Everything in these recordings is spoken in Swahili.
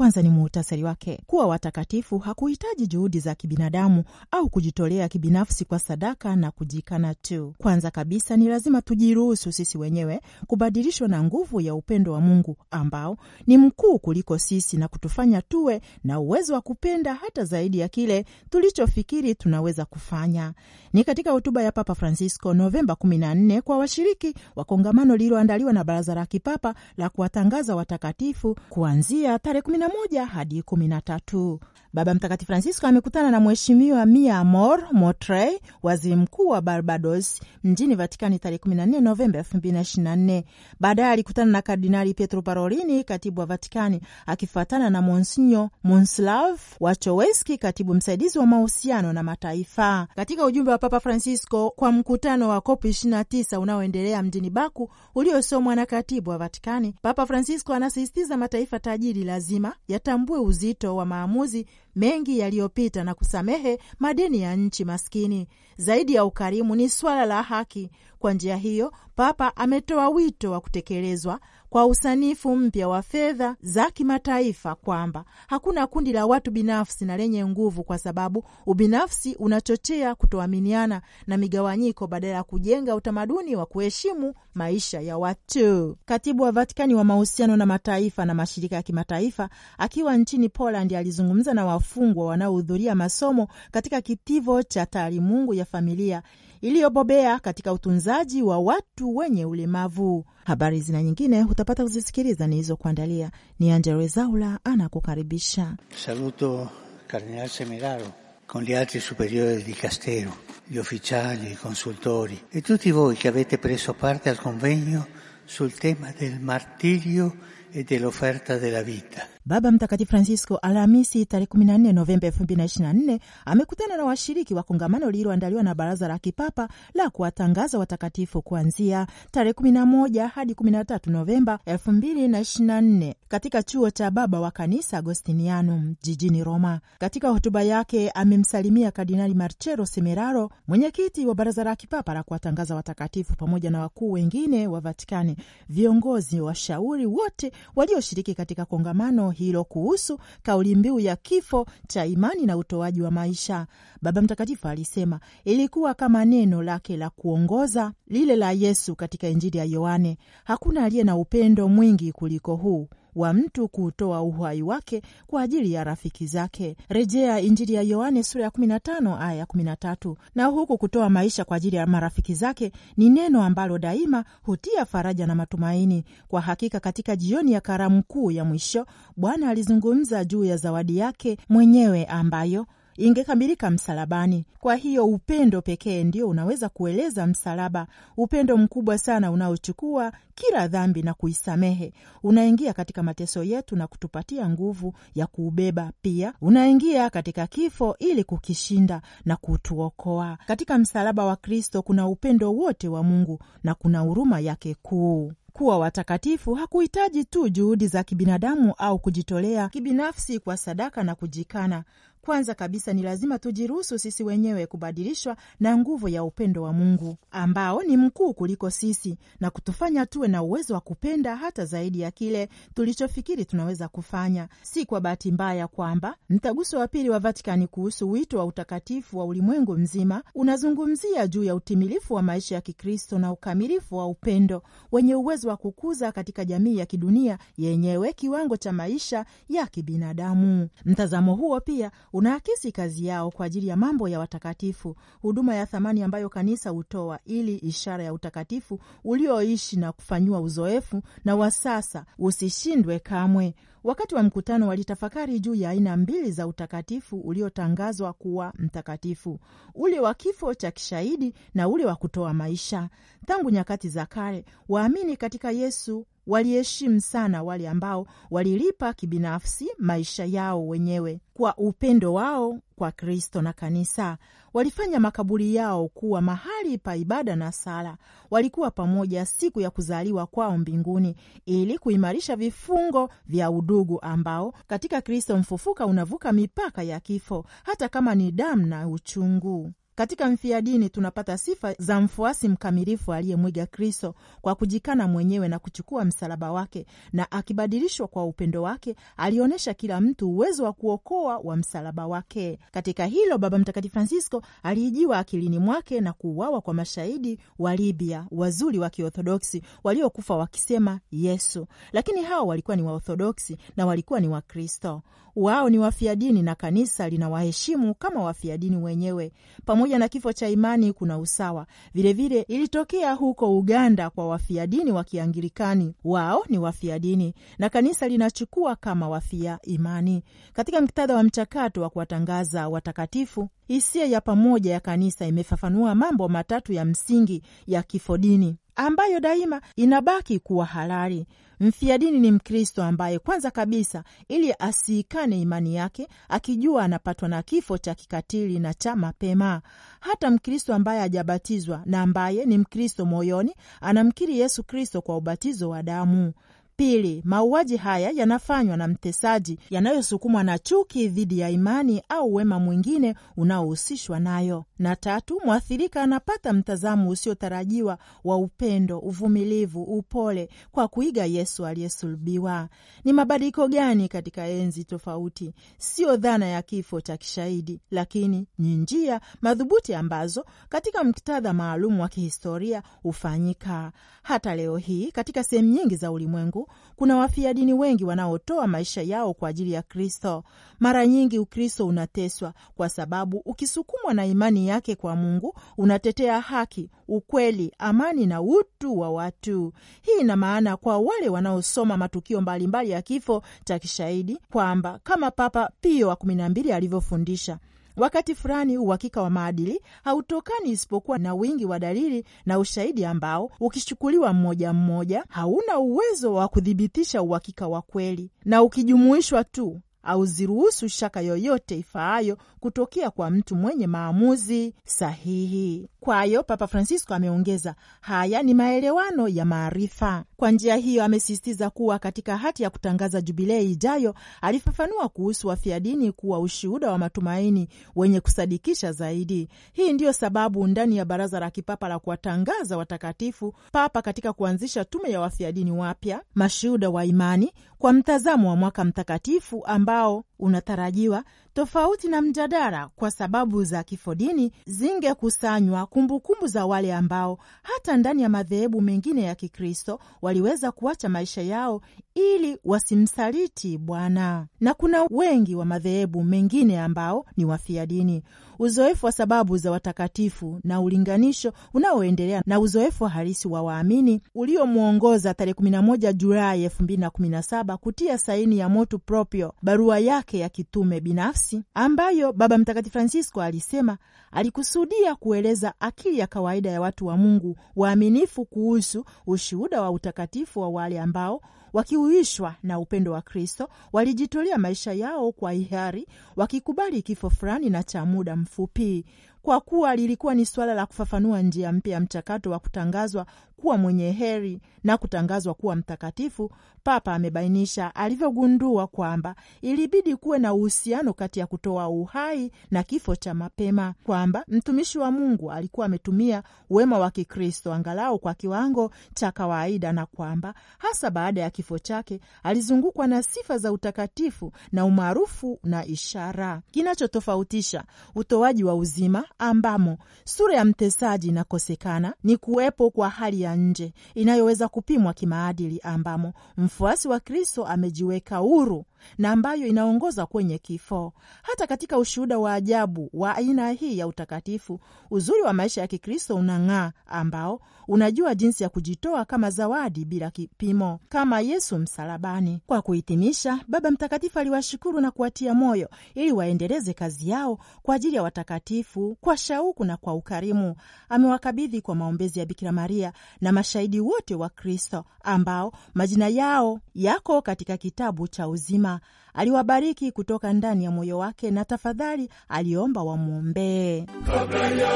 Kwanza ni muhutasari wake kuwa watakatifu hakuhitaji juhudi za kibinadamu au kujitolea kibinafsi kwa sadaka na kujikana tu. Kwanza kabisa ni lazima tujiruhusu sisi wenyewe kubadilishwa na nguvu ya upendo wa Mungu ambao ni mkuu kuliko sisi na kutufanya tuwe na uwezo wa kupenda hata zaidi ya kile tulichofikiri tunaweza kufanya. Ni katika hotuba ya Papa Francisco Novemba 14 kwa washiriki wa kongamano lililoandaliwa na Baraza la Kipapa la kuwatangaza watakatifu kuanzia tarehe moja hadi kumi na tatu. Baba Mtakatifu Francisco amekutana na Mheshimiwa Mia Amor Motrey, waziri mkuu wa Barbados, mjini Vatikani tarehe 14 Novemba 2024. Baadaye alikutana na Kardinali Pietro Parolini, katibu wa Vatikani, akifuatana na Monsinyo Monslav Wachoweski, katibu msaidizi wa mahusiano na mataifa. Katika ujumbe wa Papa Francisco kwa mkutano wa COP 29 unaoendelea mjini Baku uliosomwa na katibu wa Vatikani, Papa Francisco anasisitiza mataifa tajiri lazima yatambue uzito wa maamuzi mengi yaliyopita na kusamehe madeni ya nchi maskini. Zaidi ya ukarimu, ni swala la haki. Kwa njia hiyo, Papa ametoa wito wa kutekelezwa kwa usanifu mpya wa fedha za kimataifa kwamba hakuna kundi la watu binafsi na lenye nguvu, kwa sababu ubinafsi unachochea kutoaminiana na migawanyiko badala ya kujenga utamaduni wa kuheshimu maisha ya watu. Katibu wa Vatikani wa mahusiano na mataifa na mashirika ya kimataifa akiwa nchini Poland alizungumza na wafungwa wanaohudhuria masomo katika kitivo cha taalimungu ya familia iliyobobea katika utunzaji wa watu wenye ulemavu. Habari zina nyingine hutapata kuzisikiliza nilizokuandalia. Ni Angela Rwezaula anakukaribisha. Saluto Kardinal Semeraro con gli altri superiori di Castero, gli ufficiali, i consultori e tutti voi che avete preso parte al convegno sul tema del martirio e dell'offerta della vita. Baba Mtakatifu Francisco Alhamisi tarehe 14 Novemba 2024 amekutana na washiriki wa kongamano lililoandaliwa na Baraza la Kipapa la kuwatangaza watakatifu kuanzia tarehe 11 hadi 13 Novemba 2024 katika chuo cha Baba wa Kanisa Agostinianum jijini Roma. Katika hotuba yake amemsalimia Kardinali Marcello Semeraro, mwenyekiti wa Baraza la Kipapa la kuwatangaza watakatifu, pamoja na wakuu wengine wa Vatikani, viongozi, washauri wote walioshiriki katika kongamano hilo kuhusu kauli mbiu ya kifo cha imani na utoaji wa maisha. Baba Mtakatifu alisema ilikuwa kama neno lake la kuongoza lile la Yesu katika Injili ya Yohane: hakuna aliye na upendo mwingi kuliko huu wa mtu kuutoa uhai wake kwa ajili ya rafiki zake, rejea Injili ya Yohane sura ya 15 aya 13. Na huku kutoa maisha kwa ajili ya marafiki zake ni neno ambalo daima hutia faraja na matumaini. Kwa hakika, katika jioni ya karamu kuu ya mwisho, Bwana alizungumza juu ya zawadi yake mwenyewe ambayo ingekamilika msalabani. Kwa hiyo upendo pekee ndio unaweza kueleza msalaba, upendo mkubwa sana unaochukua kila dhambi na kuisamehe. Unaingia katika mateso yetu na kutupatia nguvu ya kuubeba. Pia unaingia katika kifo ili kukishinda na kutuokoa. Katika msalaba wa Kristo kuna upendo wote wa Mungu na kuna huruma yake kuu. Kuwa watakatifu hakuhitaji tu juhudi za kibinadamu au kujitolea kibinafsi kwa sadaka na kujikana, kwanza kabisa ni lazima tujiruhusu sisi wenyewe kubadilishwa na nguvu ya upendo wa Mungu ambao ni mkuu kuliko sisi na kutufanya tuwe na uwezo wa kupenda hata zaidi ya kile tulichofikiri tunaweza kufanya. Si kwa bahati mbaya kwamba Mtaguso wa Pili wa Vatikani kuhusu wito wa utakatifu wa ulimwengu mzima unazungumzia juu ya utimilifu wa maisha ya Kikristo na ukamilifu wa upendo wenye uwezo wa kukuza katika jamii ya kidunia yenyewe kiwango cha maisha ya kibinadamu. Mtazamo huo pia unaakisi kazi yao kwa ajili ya mambo ya watakatifu, huduma ya thamani ambayo kanisa hutoa ili ishara ya utakatifu ulioishi na kufanyiwa uzoefu na wa sasa usishindwe kamwe. Wakati wa mkutano walitafakari juu ya aina mbili za utakatifu uliotangazwa kuwa mtakatifu: ule wa kifo cha kishahidi na ule wa kutoa maisha. Tangu nyakati za kale, waamini katika Yesu waliheshimu sana wale ambao walilipa kibinafsi maisha yao wenyewe kwa upendo wao kwa Kristo na Kanisa. Walifanya makaburi yao kuwa mahali pa ibada na sala. Walikuwa pamoja siku ya kuzaliwa kwao mbinguni, ili kuimarisha vifungo vya udugu ambao katika Kristo mfufuka unavuka mipaka ya kifo, hata kama ni damu na uchungu. Katika mfia dini tunapata sifa za mfuasi mkamilifu aliyemwiga Kristo kwa kujikana mwenyewe na kuchukua msalaba wake, na akibadilishwa kwa upendo wake, alionyesha kila mtu uwezo wa kuokoa wa msalaba wake. Katika hilo, Baba Mtakatifu Francisco aliijiwa akilini mwake na kuuawa kwa mashahidi wa Libya, wazuri wa Kiorthodoksi waliokufa wakisema Yesu, lakini hao walikuwa ni Waorthodoksi na walikuwa ni Wakristo. Wao ni wafia dini na kanisa linawaheshimu kama wafia dini wenyewe pamoja pamoja na kifo cha imani kuna usawa. Vilevile ilitokea huko Uganda kwa wafia dini wa Kianglikani, wao ni wafia dini na kanisa linachukua kama wafia imani. Katika muktadha wa mchakato wa kuwatangaza watakatifu, hisia ya pamoja ya kanisa imefafanua mambo matatu ya msingi ya kifodini ambayo daima inabaki kuwa halali. Mfia dini ni Mkristo ambaye kwanza kabisa, ili asiikane imani yake, akijua anapatwa na kifo cha kikatili na cha mapema. Hata Mkristo ambaye hajabatizwa na ambaye ni Mkristo moyoni anamkiri Yesu Kristo kwa ubatizo wa damu. Pili, mauaji haya yanafanywa na mtesaji, yanayosukumwa na chuki dhidi ya imani au wema mwingine unaohusishwa nayo. Na tatu, mwathirika anapata mtazamo usiotarajiwa wa upendo, uvumilivu, upole kwa kuiga Yesu aliyesulubiwa. Ni mabadiliko gani katika enzi tofauti? Sio dhana ya kifo cha kishahidi, lakini ni njia madhubuti ambazo katika muktadha maalum wa kihistoria hufanyika. Hata leo hii katika sehemu nyingi za ulimwengu kuna wafia dini wengi wanaotoa maisha yao kwa ajili ya Kristo. Mara nyingi Ukristo unateswa kwa sababu ukisukumwa na imani yake kwa Mungu unatetea haki, ukweli, amani na utu wa watu. Hii ina maana kwa wale wanaosoma matukio mbalimbali mbali ya kifo cha kishahidi kwamba kama Papa Pio wa kumi na mbili alivyofundisha Wakati fulani uhakika wa maadili hautokani isipokuwa na wingi wa dalili na ushahidi ambao ukichukuliwa mmoja mmoja hauna uwezo wa kuthibitisha uhakika wa kweli, na ukijumuishwa tu auziruhusu shaka yoyote ifaayo kutokea kwa mtu mwenye maamuzi sahihi. Kwayo, Papa Francisco ameongeza, haya ni maelewano ya maarifa. Kwa njia hiyo, amesisitiza kuwa katika hati ya kutangaza jubilei ijayo alifafanua kuhusu wafia dini kuwa ushuhuda wa matumaini wenye kusadikisha zaidi. Hii ndiyo sababu ndani ya Baraza la Kipapa la Kuwatangaza Watakatifu, Papa katika kuanzisha tume ya wafia dini wapya, mashuhuda wa imani, kwa mtazamo wa mwaka mtakatifu ambao unatarajiwa tofauti na mjadala kwa sababu za kifodini, zingekusanywa kumbukumbu za wale ambao hata ndani ya madhehebu mengine ya Kikristo waliweza kuacha maisha yao ili wasimsaliti Bwana. Na kuna wengi wa madhehebu mengine ambao ni wafia dini uzoefu wa sababu za watakatifu na ulinganisho unaoendelea na uzoefu halisi wa waamini uliomwongoza tarehe 11 Julai 2017 kutia saini ya motu proprio, barua yake ya kitume binafsi ambayo Baba Mtakatifu Francisco alisema alikusudia kueleza akili ya kawaida ya watu wa Mungu waaminifu kuhusu ushuhuda wa utakatifu wa wale ambao wakihuishwa na upendo wa Kristo walijitolea maisha yao kwa hiari, wakikubali kifo fulani na cha muda mfupi kwa kuwa lilikuwa ni suala la kufafanua njia mpya ya mchakato wa kutangazwa kuwa mwenye heri na kutangazwa kuwa mtakatifu. Papa amebainisha alivyogundua kwamba ilibidi kuwe na uhusiano kati ya kutoa uhai na kifo cha mapema, kwamba mtumishi wa Mungu alikuwa ametumia wema wa Kikristo angalau kwa kiwango cha kawaida, na kwamba hasa baada ya kifo chake alizungukwa na sifa za utakatifu na umaarufu na ishara. Kinachotofautisha utoaji wa uzima ambamo sura ya mtesaji inakosekana ni kuwepo kwa hali ya nje inayoweza kupimwa kimaadili, ambamo mfuasi wa Kristo amejiweka huru na ambayo inaongoza kwenye kifo. Hata katika ushuhuda wa ajabu wa aina hii ya utakatifu, uzuri wa maisha ya Kikristo unang'aa, ambao unajua jinsi ya kujitoa kama zawadi bila kipimo, kama Yesu msalabani. Kwa kuhitimisha, Baba Mtakatifu aliwashukuru na kuwatia moyo ili waendeleze kazi yao kwa ajili ya watakatifu kwa shauku na kwa ukarimu. Amewakabidhi kwa maombezi ya Bikira Maria na mashahidi wote wa Kristo ambao majina yao yako katika kitabu cha uzima mzima aliwabariki kutoka ndani ya moyo wake, na tafadhali aliomba wamwombee kabla ya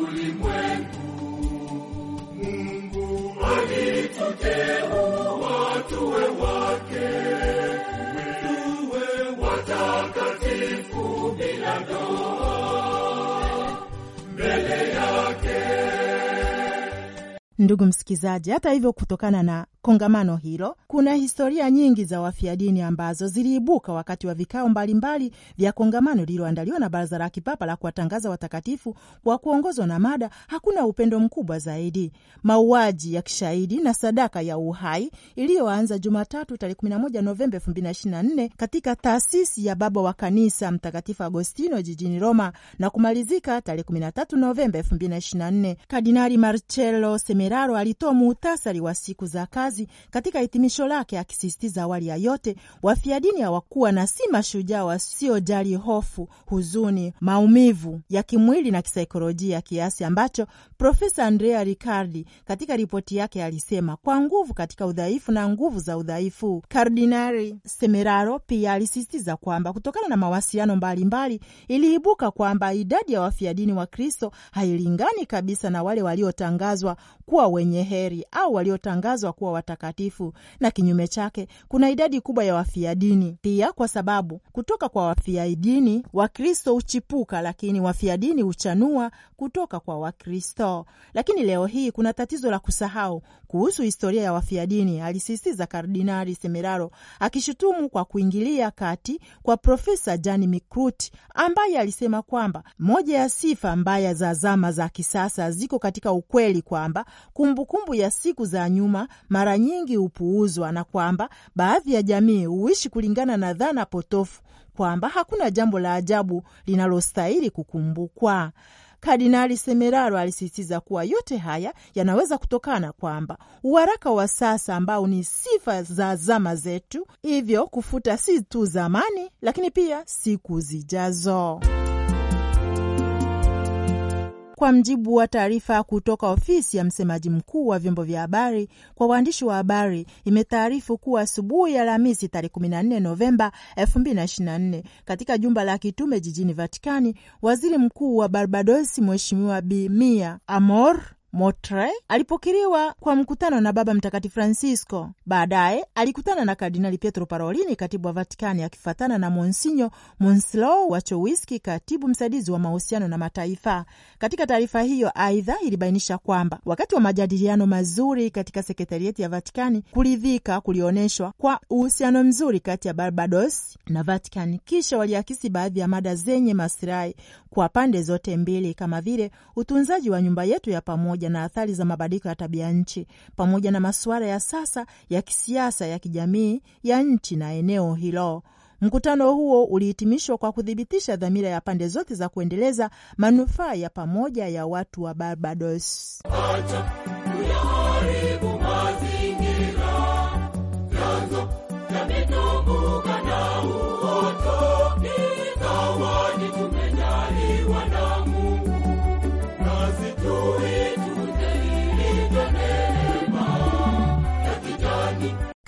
ulimwengu. Mungu alituteua tuwe wake, tuwe watakatifu bila doa Ndugu msikilizaji, hata hivyo, kutokana na kongamano hilo, kuna historia nyingi za wafia dini ambazo ziliibuka wakati wa vikao mbalimbali vya kongamano lililoandaliwa na Baraza la Kipapa la Kuwatangaza Watakatifu kwa kuongozwa na mada hakuna upendo mkubwa zaidi, mauaji ya kishahidi na sadaka ya uhai, iliyoanza Jumatatu tarehe 11 Novemba 2024 katika taasisi ya Baba wa Kanisa Mtakatifu Agostino jijini Roma na kumalizika tarehe 13 Novemba 2024 Kardinali Marcello Seme Meraro alitoa muhtasari wa siku za kazi katika hitimisho lake, akisisitiza awali ya yote wafia dini hawakuwa na si mashujaa wasiojali hofu, huzuni, maumivu ya kimwili na kisaikolojia, kiasi ambacho Profesa Andrea Riccardi katika ripoti yake alisema kwa nguvu katika udhaifu na nguvu za udhaifu. Kardinari Semeraro pia alisisitiza kwamba kutokana na mawasiliano mbalimbali iliibuka kwamba idadi ya wafia dini wa Kristo hailingani kabisa na wale waliotangazwa kuwa wenye heri au waliotangazwa kuwa watakatifu, na kinyume chake kuna idadi kubwa ya wafia dini pia, kwa sababu kutoka kwa wafia dini Wakristo huchipuka, lakini wafia dini huchanua kutoka kwa Wakristo. Lakini leo hii kuna tatizo la kusahau kuhusu historia ya wafia dini, alisisitiza Kardinali Semeraro, akishutumu kwa kuingilia kati kwa Profesa Jani Mikruti ambaye alisema kwamba moja ya sifa mbaya za zama za kisasa ziko katika ukweli kwamba kumbukumbu kumbu ya siku za nyuma mara nyingi hupuuzwa na kwamba baadhi ya jamii huishi kulingana na dhana potofu kwamba hakuna jambo la ajabu linalostahili kukumbukwa. Kardinali Semeraro alisisitiza kuwa yote haya yanaweza kutokana kwamba uharaka wa sasa ambao ni sifa za zama zetu, hivyo kufuta si tu zamani, lakini pia siku zijazo. Kwa mjibu wa taarifa kutoka ofisi ya msemaji mkuu wa vyombo vya habari kwa waandishi wa habari, imetaarifu kuwa asubuhi ya Alhamisi tarehe 14 Novemba 2024 katika jumba la kitume jijini Vatikani, waziri mkuu wa Barbados Mheshimiwa Bi Mia Amor Motre alipokelewa kwa mkutano na Baba Mtakatifu Francisco. Baadaye alikutana na Kardinali Pietro Parolini, katibu wa Vatikani, akifatana na Monsinyo Monslo Wachowiski, katibu msaidizi wa mahusiano na mataifa. Katika taarifa hiyo, aidha ilibainisha kwamba wakati wa majadiliano mazuri katika sekretarieti ya Vatikani, kuridhika kulioneshwa kwa uhusiano mzuri kati ya Barbados na Vatikani. Kisha waliakisi baadhi ya mada zenye masilahi kwa pande zote mbili, kama vile utunzaji wa nyumba yetu ya pamoja pamoja na athari za mabadiliko ya tabia nchi pamoja na masuala ya sasa ya kisiasa, ya kijamii ya nchi na eneo hilo. Mkutano huo ulihitimishwa kwa kuthibitisha dhamira ya pande zote za kuendeleza manufaa ya pamoja ya watu wa Barbados.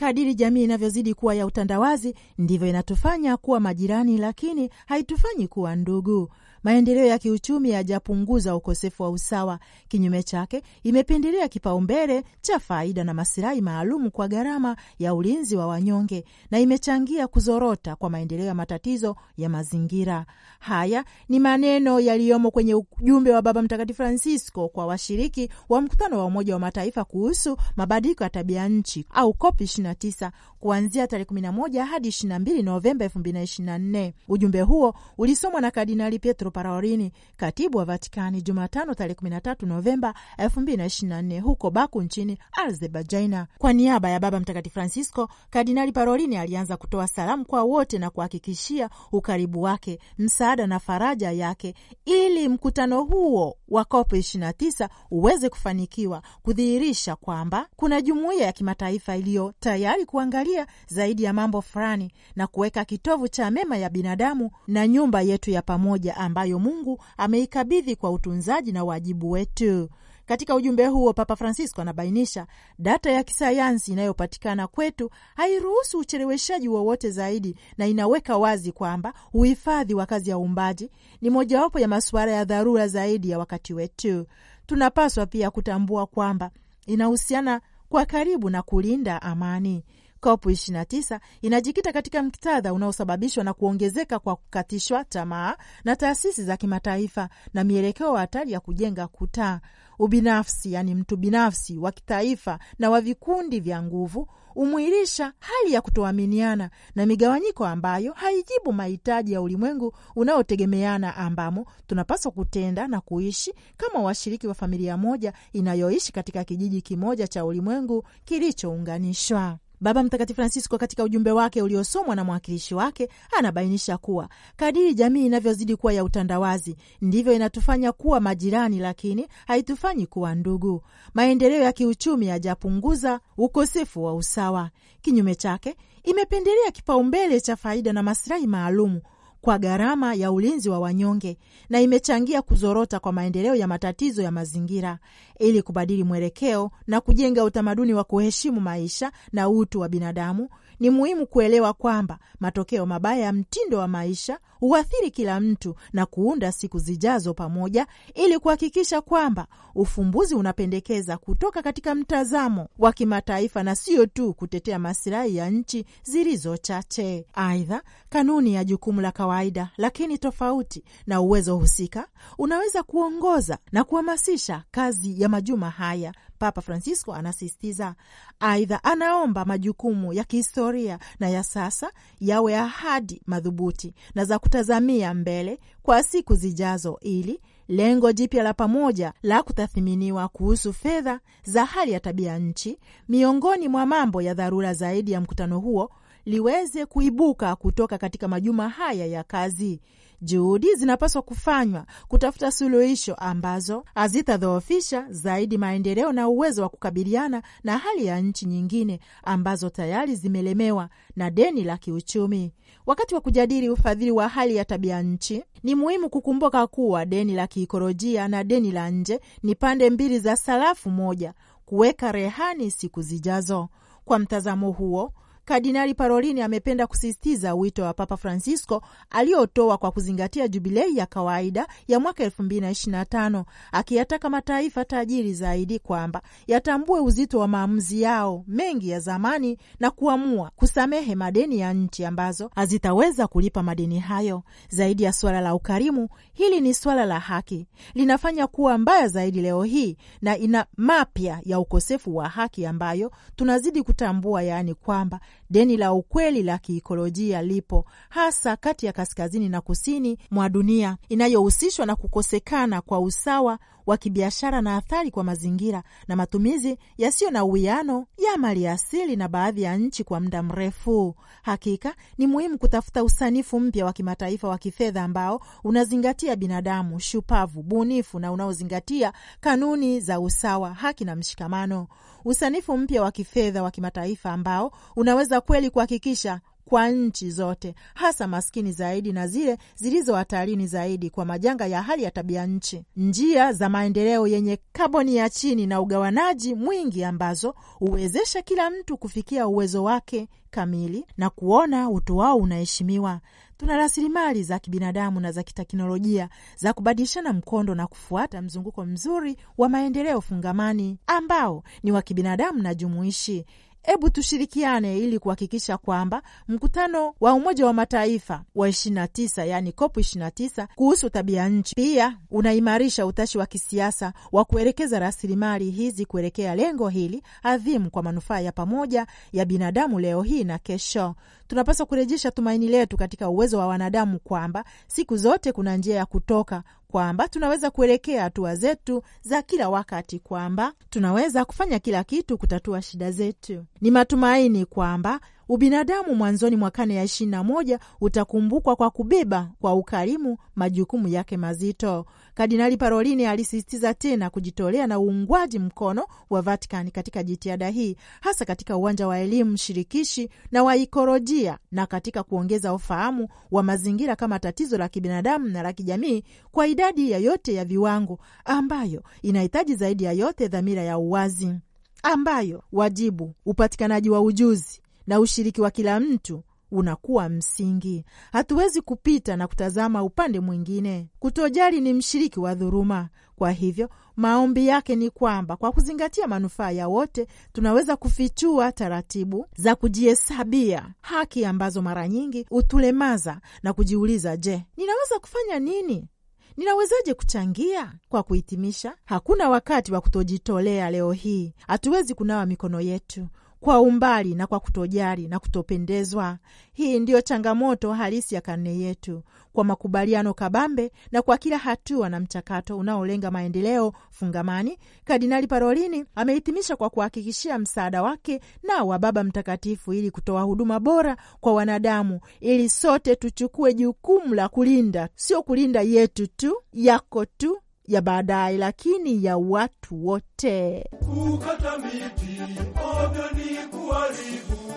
kadiri jamii inavyozidi kuwa ya utandawazi ndivyo inatufanya kuwa majirani, lakini haitufanyi kuwa ndugu. Maendeleo ya kiuchumi yajapunguza ukosefu wa usawa. Kinyume chake, imependelea kipaumbele cha faida na masilahi maalum kwa gharama ya ulinzi wa wanyonge na imechangia kuzorota kwa maendeleo ya matatizo ya mazingira. Haya ni maneno yaliyomo kwenye ujumbe wa Baba Mtakatifu Francisco kwa washiriki wa mkutano wa Umoja wa Mataifa kuhusu mabadiliko ya tabia nchi au COP 29 kuanzia tarehe 11 hadi 22 Novemba 2024. Ujumbe huo ulisomwa na Kardinali Pietro Pietro Parolini, katibu wa Vatikani, Jumatano tarehe 13 Novemba 2024 huko Baku nchini Azerbaijan. Kwa niaba ya Baba Mtakatifu Francisco, Kardinali Parolini alianza kutoa salamu kwa wote na kuhakikishia ukaribu wake, msaada na faraja yake ili mkutano huo wa COP 29 uweze kufanikiwa, kudhihirisha kwamba kuna jumuiya ya kimataifa iliyo tayari kuangalia zaidi ya mambo fulani na kuweka kitovu cha mema ya binadamu na nyumba yetu ya pamoja amba ambayo Mungu ameikabidhi kwa utunzaji na wajibu wetu. Katika ujumbe huo Papa Francisco anabainisha data ya kisayansi inayopatikana kwetu hairuhusu ucheleweshaji wowote zaidi, na inaweka wazi kwamba uhifadhi wa kazi ya uumbaji ni mojawapo ya masuala ya dharura zaidi ya wakati wetu. Tunapaswa pia kutambua kwamba inahusiana kwa karibu na kulinda amani. COP29 inajikita katika mktadha unaosababishwa na kuongezeka kwa kukatishwa tamaa na taasisi za kimataifa na mielekeo hatari ya kujenga kutaa ubinafsi, yani mtu binafsi wa kitaifa na wa vikundi vya nguvu umwirisha hali ya kutoaminiana na migawanyiko ambayo haijibu mahitaji ya ulimwengu unaotegemeana ambamo tunapaswa kutenda na kuishi kama washiriki wa familia moja inayoishi katika kijiji kimoja cha ulimwengu kilichounganishwa. Baba Mtakatifu Francisco katika ujumbe wake uliosomwa na mwakilishi wake anabainisha kuwa kadiri jamii inavyozidi kuwa ya utandawazi ndivyo inatufanya kuwa majirani, lakini haitufanyi kuwa ndugu. Maendeleo ya kiuchumi yajapunguza ukosefu wa usawa. Kinyume chake, imependelea kipaumbele cha faida na masilahi maalumu kwa gharama ya ulinzi wa wanyonge na imechangia kuzorota kwa maendeleo ya matatizo ya mazingira. Ili kubadili mwelekeo na kujenga utamaduni wa kuheshimu maisha na utu wa binadamu, ni muhimu kuelewa kwamba matokeo mabaya ya mtindo wa maisha huathiri kila mtu na kuunda siku zijazo pamoja, ili kuhakikisha kwamba ufumbuzi unapendekeza kutoka katika mtazamo wa kimataifa na sio tu kutetea masilahi ya nchi zilizo chache. Aidha, kanuni ya jukumu la kawaida lakini tofauti na uwezo husika unaweza kuongoza na kuhamasisha kazi ya majuma haya Papa Francisco anasisitiza. Aidha, anaomba majukumu ya kihistoria na ya sasa yawe ahadi madhubuti na za kutazamia mbele kwa siku zijazo ili lengo jipya la pamoja la kutathiminiwa kuhusu fedha za hali ya tabia nchi, miongoni mwa mambo ya dharura zaidi ya mkutano huo, liweze kuibuka kutoka katika majuma haya ya kazi Juhudi zinapaswa kufanywa kutafuta suluhisho ambazo hazitadhoofisha zaidi maendeleo na uwezo wa kukabiliana na hali ya nchi nyingine ambazo tayari zimelemewa na deni la kiuchumi. Wakati wa kujadili ufadhili wa hali ya tabia nchi, ni muhimu kukumbuka kuwa deni la kiikolojia na deni la nje ni pande mbili za sarafu moja, kuweka rehani siku zijazo. Kwa mtazamo huo Kardinali Parolini amependa kusisitiza wito wa Papa Francisco aliotoa kwa kuzingatia jubilei ya kawaida ya mwaka 2025 akiyataka mataifa tajiri zaidi kwamba yatambue uzito wa maamuzi yao mengi ya zamani na kuamua kusamehe madeni ya nchi ambazo hazitaweza kulipa madeni hayo. Zaidi ya suala la ukarimu, hili ni suala la haki, linafanya kuwa mbaya zaidi leo hii na ina mapya ya ukosefu wa haki ambayo tunazidi kutambua, yaani kwamba Deni la ukweli la kiikolojia lipo hasa kati ya kaskazini na kusini mwa dunia, inayohusishwa na kukosekana kwa usawa wa kibiashara na athari kwa mazingira na matumizi yasiyo na uwiano ya mali asili na baadhi ya nchi kwa muda mrefu. Hakika ni muhimu kutafuta usanifu mpya wa kimataifa wa kifedha ambao unazingatia binadamu shupavu, bunifu na unaozingatia kanuni za usawa, haki na mshikamano usanifu mpya wa kifedha wa kimataifa ambao unaweza kweli kuhakikisha kwa nchi zote, hasa maskini zaidi na zile zilizo hatarini zaidi kwa majanga ya hali ya tabia nchi. Njia za maendeleo yenye kaboni ya chini na ugawanaji mwingi ambazo huwezesha kila mtu kufikia uwezo wake kamili na kuona utu wao unaheshimiwa. Tuna rasilimali za kibinadamu na za kiteknolojia za kubadilishana mkondo na kufuata mzunguko mzuri wa maendeleo fungamani ambao ni wa kibinadamu na jumuishi. Hebu tushirikiane ili kuhakikisha kwamba mkutano wa Umoja wa Mataifa wa 29 yani COP 29 kuhusu tabia nchi pia unaimarisha utashi wa kisiasa wa kuelekeza rasilimali hizi kuelekea lengo hili adhimu kwa manufaa ya pamoja ya binadamu leo hii na kesho. Tunapaswa kurejesha tumaini letu katika uwezo wa wanadamu kwamba siku zote kuna njia ya kutoka kwamba tunaweza kuelekea hatua zetu za kila wakati, kwamba tunaweza kufanya kila kitu kutatua shida zetu. Ni matumaini kwamba Ubinadamu mwanzoni mwa karne ya ishirini na moja utakumbukwa kwa kubeba kwa ukarimu majukumu yake mazito. Kardinali Parolini alisisitiza tena kujitolea na uungwaji mkono wa Vatican katika jitihada hii, hasa katika uwanja wa elimu shirikishi na wa ikolojia na katika kuongeza ufahamu wa mazingira kama tatizo la kibinadamu na la kijamii kwa idadi ya yote ya viwango, ambayo inahitaji zaidi ya yote dhamira ya uwazi ambayo wajibu upatikanaji wa ujuzi na ushiriki wa kila mtu unakuwa msingi. Hatuwezi kupita na kutazama upande mwingine. Kutojali ni mshiriki wa dhuruma Kwa hivyo maombi yake ni kwamba kwa kuzingatia manufaa ya wote, tunaweza kufichua taratibu za kujihesabia haki ambazo mara nyingi hutulemaza na kujiuliza, je, ninaweza kufanya nini? Ninawezaje kuchangia? Kwa kuhitimisha, hakuna wakati wa kutojitolea leo hii. Hatuwezi kunawa mikono yetu kwa umbali na kwa kutojali na kutopendezwa. Hii ndiyo changamoto halisi ya karne yetu, kwa makubaliano kabambe na kwa kila hatua na mchakato unaolenga maendeleo fungamani. Kardinali Parolini amehitimisha kwa kuhakikishia msaada wake na wa Baba Mtakatifu ili kutoa huduma bora kwa wanadamu, ili sote tuchukue jukumu la kulinda, sio kulinda yetu tu, yako tu ya baadaye, lakini ya watu wote. Kukata miti ovyo ni kuharibu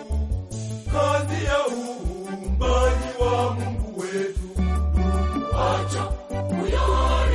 kazi ya uumbaji wa Mungu wetu. Acha kuyaona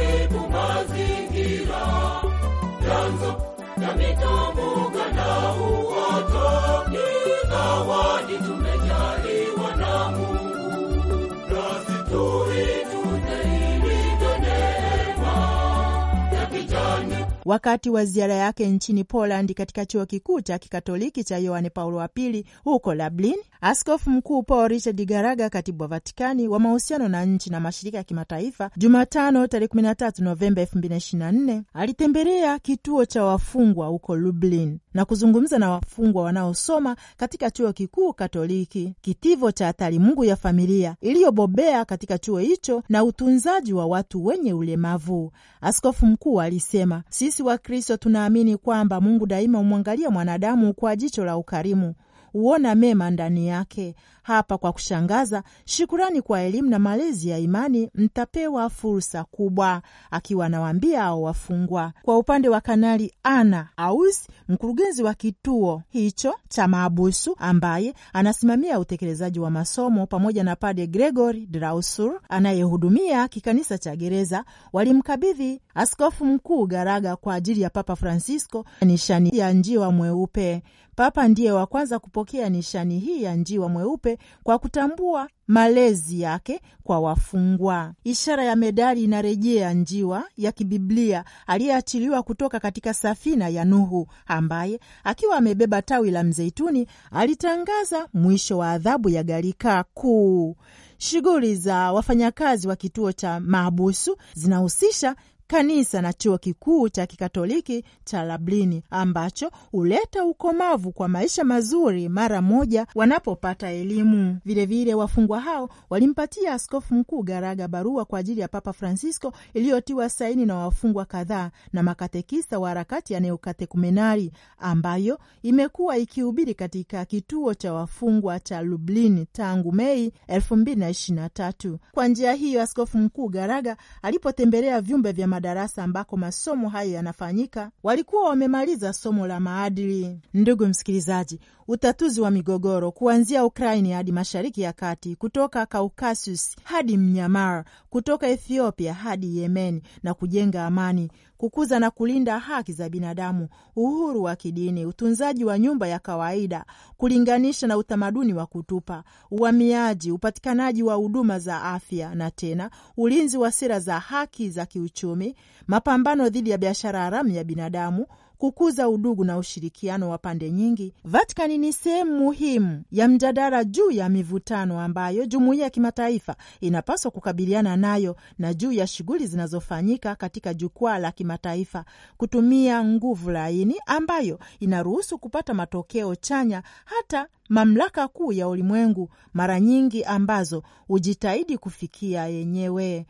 wakati wa ziara yake nchini Poland katika chuo kikuu cha kikatoliki cha Yohane Paulo wa Pili huko Lublin, Askofu Mkuu Paul Richard Garaga, katibu wa Vatikani wa mahusiano na nchi na mashirika ya kimataifa, Jumatano tarehe 13 Novemba 2024 alitembelea kituo cha wafungwa huko Lublin na kuzungumza na wafungwa wanaosoma katika chuo kikuu Katoliki, kitivo cha taalimungu ya familia iliyobobea katika chuo hicho na utunzaji wa watu wenye ulemavu. Askofu mkuu alisema, sisi Wakristo tunaamini kwamba Mungu daima humwangalia mwanadamu kwa jicho la ukarimu huona mema ndani yake. Hapa kwa kushangaza, shukurani kwa elimu na malezi ya imani, mtapewa fursa kubwa, akiwa anawaambia hao wafungwa. Kwa upande wa Kanali Ana Aus, mkurugenzi wa kituo hicho cha maabusu ambaye anasimamia utekelezaji wa masomo, pamoja na Padre Gregory Drausur anayehudumia kikanisa cha gereza, walimkabidhi Askofu Mkuu Garaga kwa ajili ya Papa Francisco nishani ya njiwa mweupe. Papa ndiye wa kwanza kupokea nishani hii ya njiwa mweupe kwa kutambua malezi yake kwa wafungwa. Ishara ya medali inarejea njiwa ya kibiblia aliyeachiliwa kutoka katika safina ya Nuhu, ambaye akiwa amebeba tawi la mzeituni alitangaza mwisho wa adhabu ya gharika kuu. Shughuli za wafanyakazi wa kituo cha maabusu zinahusisha kanisa na chuo kikuu cha kikatoliki cha Lablini ambacho huleta ukomavu kwa maisha mazuri mara moja wanapopata elimu. Vilevile, wafungwa hao walimpatia askofu mkuu Garaga barua kwa ajili ya Papa Francisco iliyotiwa saini na wafungwa kadhaa na makatekisa wa harakati ya Neokatekumenari ambayo imekuwa ikihubiri katika kituo cha wafungwa cha Lublini tangu Mei 2023. Kwa njia hiyo, askofu mkuu Garaga alipotembelea vyumba vya madarasa ambako masomo hayo yanafanyika walikuwa wamemaliza somo la maadili. Ndugu msikilizaji, utatuzi wa migogoro kuanzia Ukraini hadi Mashariki ya Kati, kutoka Kaukasus hadi Mnyamar, kutoka Ethiopia hadi Yemen na kujenga amani kukuza na kulinda haki za binadamu, uhuru wa kidini, utunzaji wa nyumba ya kawaida, kulinganisha na utamaduni wa kutupa, uhamiaji, upatikanaji wa huduma za afya na tena ulinzi wa sera za haki za kiuchumi, mapambano dhidi ya biashara haramu ya binadamu kukuza udugu na ushirikiano wa pande nyingi, Vatikani ni sehemu muhimu ya mjadala juu ya mivutano ambayo jumuiya ya kimataifa inapaswa kukabiliana nayo na juu ya shughuli zinazofanyika katika jukwaa la kimataifa, kutumia nguvu laini ambayo inaruhusu kupata matokeo chanya hata mamlaka kuu ya ulimwengu mara nyingi ambazo hujitahidi kufikia yenyewe.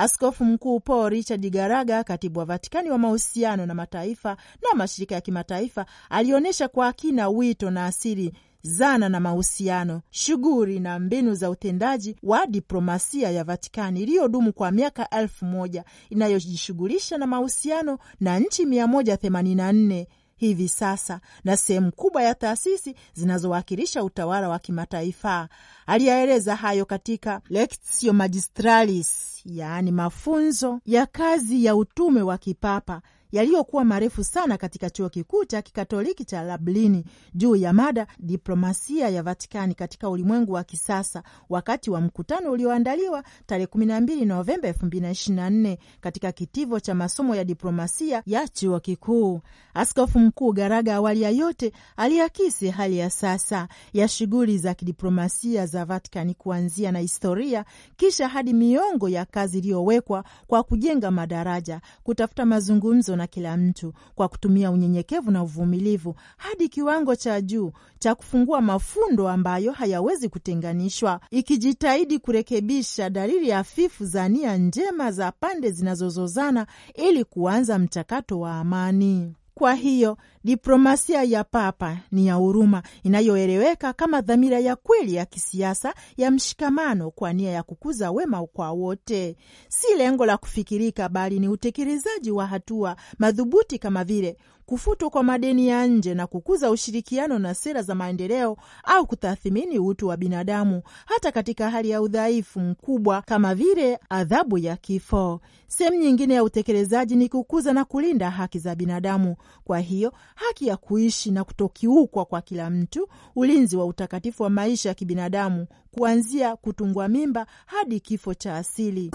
Askofu Mkuu Paul Richard Garaga, katibu wa Vatikani wa mahusiano na mataifa na mashirika ya kimataifa, alionyesha kwa akina wito na asili zana na mahusiano, shughuli na mbinu za utendaji wa diplomasia ya Vatikani iliyodumu kwa miaka elfu moja inayojishughulisha na mahusiano na nchi mia moja themanini na nne hivi sasa na sehemu kubwa ya taasisi zinazowakilisha utawala wa kimataifa. Aliyaeleza hayo katika Lectio Magistralis, yaani mafunzo ya kazi ya utume wa kipapa yaliyokuwa marefu sana katika chuo kikuu cha kikatoliki cha Lablini juu ya mada diplomasia ya Vatikani katika ulimwengu wa kisasa, wakati wa mkutano ulioandaliwa tarehe 12 Novemba 2024 katika kitivo cha masomo ya diplomasia ya chuo kikuu. Askofu Mkuu Garaga awali ya yote aliakisi hali ya sasa ya shughuli za kidiplomasia za Vatikani kuanzia na historia kisha hadi miongo ya kazi iliyowekwa kwa kujenga madaraja, kutafuta mazungumzo na kila mtu kwa kutumia unyenyekevu na uvumilivu hadi kiwango cha juu cha kufungua mafundo ambayo hayawezi kutenganishwa, ikijitahidi kurekebisha dalili hafifu za nia njema za pande zinazozozana ili kuanza mchakato wa amani. Kwa hiyo diplomasia ya Papa ni ya huruma inayoeleweka kama dhamira ya kweli ya kisiasa ya mshikamano kwa nia ya kukuza wema kwa wote. Si lengo la kufikirika, bali ni utekelezaji wa hatua madhubuti kama vile kufutwa kwa madeni ya nje na kukuza ushirikiano na sera za maendeleo au kutathimini utu wa binadamu hata katika hali ya udhaifu mkubwa kama vile adhabu ya kifo. Sehemu nyingine ya utekelezaji ni kukuza na kulinda haki za binadamu, kwa hiyo haki ya kuishi na kutokiukwa kwa kila mtu, ulinzi wa utakatifu wa maisha ya kibinadamu kuanzia kutungwa mimba hadi kifo cha asili.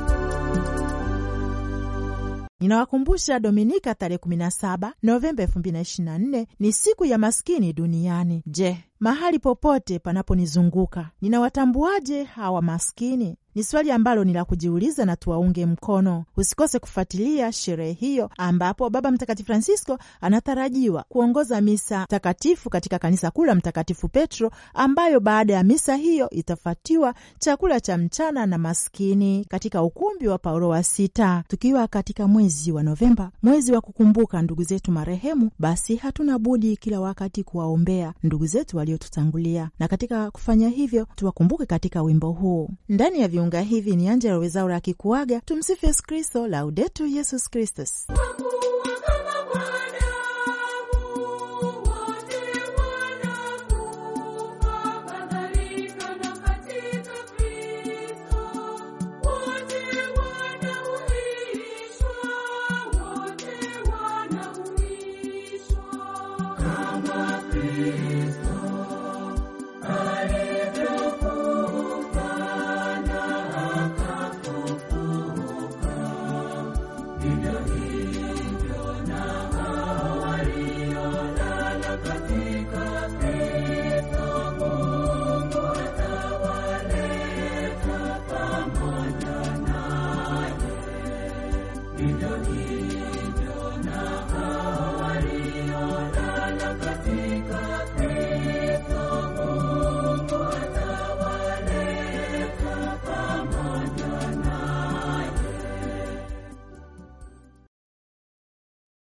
Ninawakumbusha, Dominika tarehe 17 Novemba 2024 ni siku ya maskini duniani. Je, mahali popote panaponizunguka ninawatambuaje hawa maskini? Ni swali ambalo ni la kujiuliza na tuwaunge mkono. Usikose kufuatilia sherehe hiyo ambapo Baba Mtakatifu Francisco anatarajiwa kuongoza misa takatifu katika kanisa kuu la Mtakatifu Petro, ambayo baada ya misa hiyo itafatiwa chakula cha mchana na maskini katika ukumbi wa Paulo wa Sita. Tukiwa katika mwezi wa Novemba, mwezi wa kukumbuka ndugu zetu marehemu, basi hatuna budi kila wakati kuwaombea ndugu zetu waliotutangulia, na katika kufanya hivyo tuwakumbuke katika wimbo huu ndani ya kujiunga hivi. Ni Angela Wezaura akikuaga. Tumsifu Yesu Kristo, Laudetur Yesus Kristus.